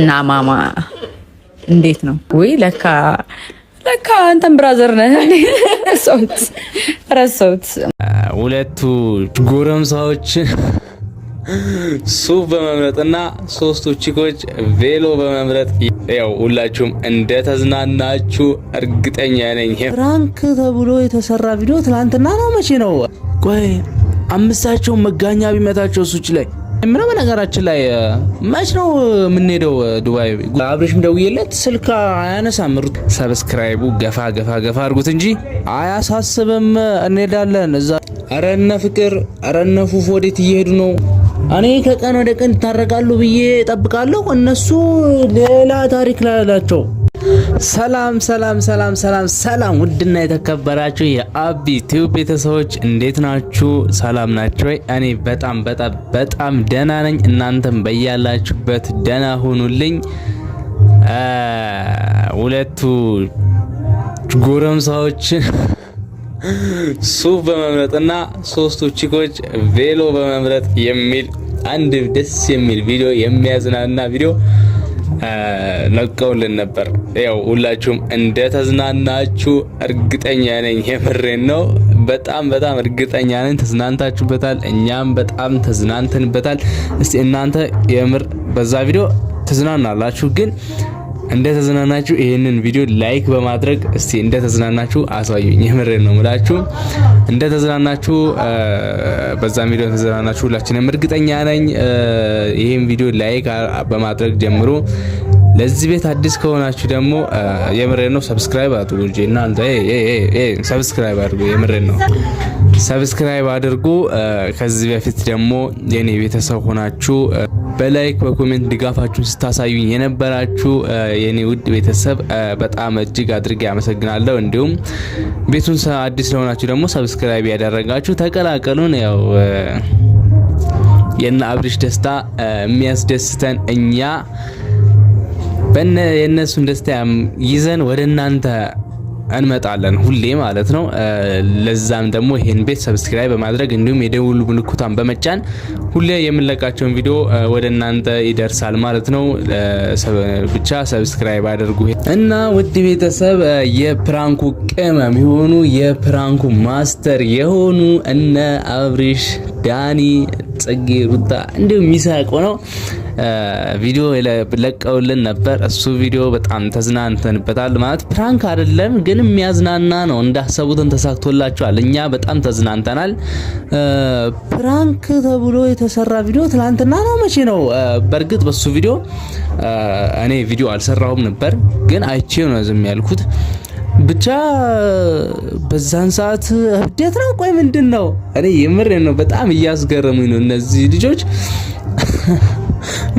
እና ማማ እንዴት ነው? ውይ ለካ ለካ አንተን ብራዘር ነህ። ሰውት ረሰውት። ሁለቱ ጎረምሳዎችን ሱፍ በመምረጥና ሶስቱ ቺኮች ቬሎ በመምረጥ ያው ሁላችሁም እንደተዝናናችሁ እርግጠኛ ነኝ። ፕራንክ ተብሎ የተሰራ ቪዲዮ ትናንትና ነው። መቼ ነው? ቆይ አምስታቸውን መጋኛ ቢመታቸው ሱች ላይ ምነው በነገራችን ላይ መች ነው የምንሄደው ዱባይ? አብሬሽም ደውዬለት ስልክ አያነሳም። ሰብስክራይቡ ገፋ ገፋ ገፋ አድርጉት እንጂ አያሳስብም። እንሄዳለን እዛ። አረነ ፍቅር አረነ ፉፉ ወዴት እየሄዱ ነው? እኔ ከቀን ወደ ቀን ይታረቃሉ ብዬ ጠብቃለሁ። እነሱ ሌላ ታሪክ ላላቸው ሰላም ሰላም ሰላም ሰላም ሰላም ውድና የተከበራችሁ የአቢ ቲዩብ ቤተሰቦች እንዴት ናችሁ? ሰላም ናችሁ ወይ? እኔ በጣም በጣም በጣም ደህና ነኝ። እናንተም በያላችሁበት ደህና ሆኑልኝ። ሁለቱ ጎረምሳዎች ሱፍ በመምረጥና ሶስቱ ቺኮች ቬሎ በመምረጥ የሚል አንድ ደስ የሚል ቪዲዮ የሚያዝናና ቪዲዮ ለቀውልን ነበር። ያው ሁላችሁም እንደተዝናናችሁ እርግጠኛ ነኝ። የምሬን ነው። በጣም በጣም እርግጠኛ ነኝ ተዝናንታችሁበታል። እኛም በጣም ተዝናንተንበታል። እስቲ እናንተ የምር በዛ ቪዲዮ ተዝናናላችሁ ግን እንደተዝናናችሁ ይህንን ቪዲዮ ላይክ በማድረግ እስቲ እንደተዝናናችሁ አሳዩኝ። የምሬን ነው ምላችሁ እንደተዝናናችሁ በዛም ቪዲዮ ተዝናናችሁ ሁላችንም እርግጠኛ ነኝ። ይህን ቪዲዮ ላይክ በማድረግ ጀምሮ ለዚህ ቤት አዲስ ከሆናችሁ ደግሞ የምሬን ነው ሰብስክራይብ አድርጉ እንጂ እናንተ ሰብስክራይብ አድርጉ። የምሬን ነው ሰብስክራይብ አድርጉ። ከዚህ በፊት ደግሞ የኔ ቤተሰብ ሆናችሁ በላይክ በኮሜንት ድጋፋችሁን ስታሳዩኝ የነበራችሁ የኔ ውድ ቤተሰብ በጣም እጅግ አድርጌ አመሰግናለሁ። እንዲሁም ቤቱን አዲስ ለሆናችሁ ደግሞ ሰብስክራይብ ያደረጋችሁ ተቀላቀሉን። ያው የነ አብርሽ ደስታ የሚያስደስተን እኛ የእነሱን ደስታ ይዘን ወደ እናንተ እንመጣለን ሁሌ ማለት ነው። ለዛም ደግሞ ይህን ቤት ሰብስክራይብ በማድረግ እንዲሁም የደውል ምልክቱን በመጫን ሁሌ የምንለቃቸውን ቪዲዮ ወደ እናንተ ይደርሳል ማለት ነው። ብቻ ሰብስክራይብ አድርጉ እና ውድ ቤተሰብ የፕራንኩ ቅመም የሆኑ የፕራንኩ ማስተር የሆኑ እነ አብሪሽ ዳኒ ጽጌ ሩታ እንዲሁም ይሳቅ ሆነው ቪዲዮ ለቀውልን ነበር። እሱ ቪዲዮ በጣም ተዝናንተንበታል። ማለት ፕራንክ አይደለም ግን የሚያዝናና ነው። እንዳሰቡትን ተሳክቶላቸዋል። እኛ በጣም ተዝናንተናል። ፕራንክ ተብሎ የተሰራ ቪዲዮ ትላንትና ነው መቼ ነው? በእርግጥ በሱ ቪዲዮ እኔ ቪዲዮ አልሰራሁም ነበር፣ ግን አይቼው ነው ዝም ያልኩት። ብቻ በዛን ሰዓት እብደት ነው። ቆይ ምንድን ነው? እኔ የምር ነው በጣም እያስገረሙኝ ነው እነዚህ ልጆች።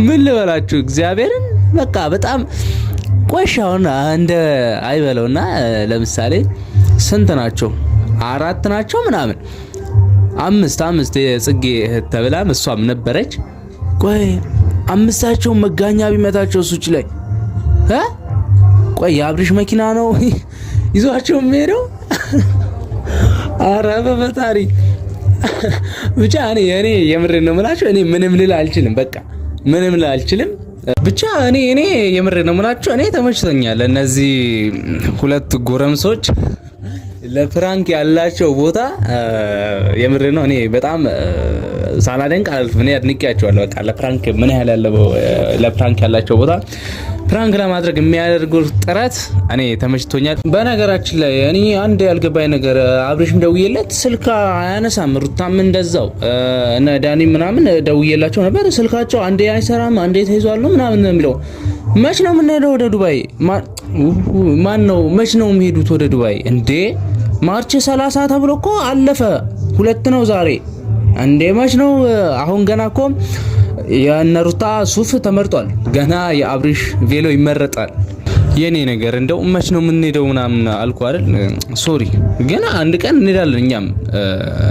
ምን ልበላችሁ እግዚአብሔርን በቃ በጣም ቆሻውን እንደ አይበለውና ለምሳሌ ስንት ናቸው? አራት ናቸው ምናምን አምስት አምስት የጽጌ እህት ተብላም እሷም ነበረች። ቆይ አምስታቸው መጋኛ ቢመታቸው ሱጭ ላይ ቆይ የአብሪሽ መኪና ነው ይዟቸው የሚሄደው። አረ በፈጣሪ ብቻ እኔ እኔ የምር ነው የምላችሁ። እኔ ምንም ልል አልችልም። በቃ ምንም ልል አልችልም። ብቻ እኔ እኔ የምር ነው የምላችሁ። እኔ ተመችቶኛል። እነዚህ ሁለት ጎረምሶች ለፕራንክ ያላቸው ቦታ የምር ነው። እኔ በጣም ሳላደንቅ አልፍ። እኔ አድንቄያቸዋለሁ። በቃ ለፕራንክ ምን ያህል ለፕራንክ ያላቸው ቦታ ፕራንክ ለማድረግ የሚያደርጉት ጥረት እኔ ተመችቶኛል። በነገራችን ላይ እኔ አንድ ያልገባኝ ነገር አብሬሽም ደውዬለት ስልክ አያነሳም፣ ሩታም እንደዛው እነ ዳኒ ምናምን ደውዬላቸው ነበር። ስልካቸው አንዴ አይሰራም፣ አንዴ ተይዟሉ ምናምን የሚለው። መች ነው የምንሄደው ወደ ዱባይ? ማን ነው መች ነው የሚሄዱት ወደ ዱባይ? እንዴ ማርች 30 ተብሎ እኮ አለፈ። ሁለት ነው ዛሬ። እንዴ መች ነው አሁን ገና እኮ የነሩታ ሱፍ ተመርጧል። ገና የአብሪሽ ቬሎ ይመረጣል። የኔ ነገር እንደው መች ነው የምንሄደው? ምናምን አልኩ አይደል? ሶሪ ገና አንድ ቀን እንሄዳለን። እኛም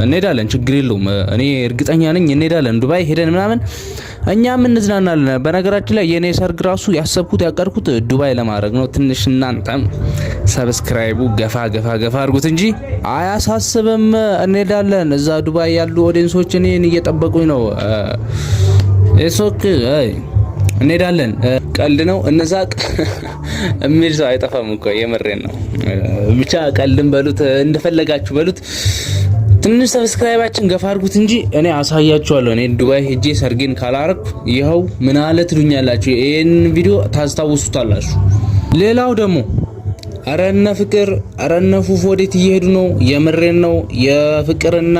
እንሄዳለን፣ ችግር የለውም። እኔ እርግጠኛ ነኝ እንሄዳለን። ዱባይ ሄደን ምናምን እኛም እንዝናናለን። በነገራችን ላይ የኔ ሰርግ ራሱ ያሰብኩት ያቀድኩት ዱባይ ለማድረግ ነው። ትንሽ እናንተም ሰብስክራይቡ ገፋ ገፋ ገፋ አድርጉት እንጂ አያሳስብም። እንሄዳለን። እዛ ዱባይ ያሉ ኦዲየንሶች እኔን እየጠበቁኝ ነው። ሶክ እንሄዳለን። ቀልድ ነው። እነዛ የሚል ሰው አይጠፋም እኮ የመሬን ነው። ብቻ ቀልድ በሉት እንደፈለጋችሁ በሉት። ትንሽ ሰብስክራይባችን ገፋ አድርጉት እንጂ እኔ አሳያችኋለሁ። እኔ ዱባይ ሄጄ ሰርጌን ካላረኩ ይኸው ምን አለ ትሉኛላችሁ። ይህን ቪዲዮ ታስታውሱታላችሁ። ሌላው ደግሞ አረነ ፍቅር አረነ ፉፉ ወዴት እየሄዱ ነው? የምሬን ነው። የፍቅርና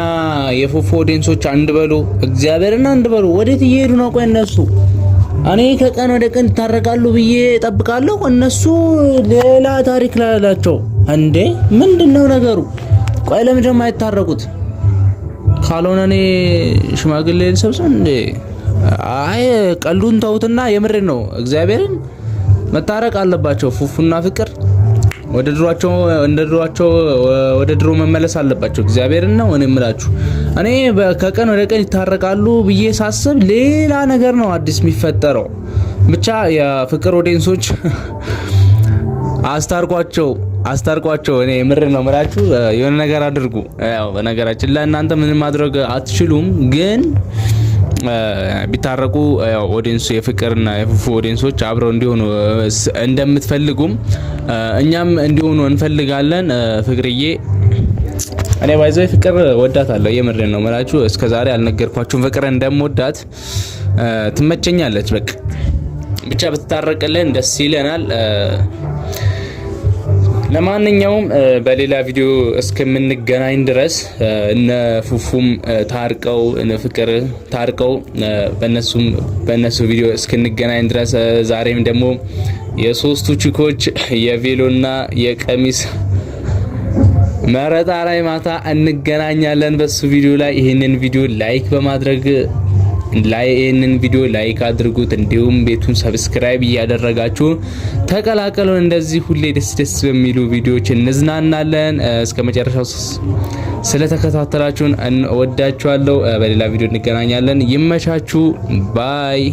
የፉፉ ዴንሶች አንድ በሉ፣ እግዚአብሔርን አንድ በሉ። ወዴት እየሄዱ ነው? ቆይ እነሱ እኔ ከቀን ወደ ቀን ይታረቃሉ ብዬ እጠብቃለሁ። እነሱ ሌላ ታሪክ ላይ አላቸው። እንዴ ነገሩ? ቆይ ለምንድን ነው የማይታረቁት? ካልሆነ እኔ ሽማግሌ ልሰብሰብ እንዴ? አይ ቀሉን ተውትና የምሬን ነው። እግዚአብሔርን መታረቅ አለባቸው ፉፉና ፍቅር ወደ ድሯቸው እንደ ድሯቸው ወደ ድሮ መመለስ አለባቸው። እግዚአብሔርን ነው እኔ የምላችሁ። እኔ ከቀን ወደ ቀን ይታረቃሉ ብዬ ሳስብ ሌላ ነገር ነው አዲስ የሚፈጠረው። ብቻ የፍቅር ወዴንሶች አስታርቋቸው አስታርቋቸው እኔ ምር ነው ምላችሁ። የሆነ ነገር አድርጉ። ያው በነገራችን እናንተ ምንም ማድረግ አትችሉም ግን ቢታረቁ ኦዲንሱ የፍቅርና የፉፉ ኦዲንሶች አብረው እንዲሆኑ እንደምትፈልጉም እኛም እንዲሆኑ እንፈልጋለን። ፍቅርዬ እኔ ባይዘው ፍቅር ወዳታለሁ። የምሬን ነው መላችሁ። እስከዛሬ አልነገርኳችሁም ፍቅር እንደምወዳት ትመቸኛለች። በቃ ብቻ ብትታረቅልን ደስ ይለናል። ለማንኛውም በሌላ ቪዲዮ እስከምንገናኝ ድረስ እነ ፉፉም ታርቀው እነ ፍቅር ታርቀው በነሱም በነሱ ቪዲዮ እስክንገናኝ ድረስ ዛሬም ደግሞ የሶስቱ ቺኮች የቬሎና የቀሚስ መረጣ ላይ ማታ እንገናኛለን። በሱ ቪዲዮ ላይ ይህንን ቪዲዮ ላይክ በማድረግ ይህንን ቪዲዮ ላይክ አድርጉት፣ እንዲሁም ቤቱን ሰብስክራይብ እያደረጋችሁ ተቀላቀሉን። እንደዚህ ሁሌ ደስ ደስ በሚሉ ቪዲዮዎች እንዝናናለን። እስከ መጨረሻው ስለተከታተላችሁን ወዳችኋለሁ። በሌላ ቪዲዮ እንገናኛለን። ይመቻችሁ። ባይ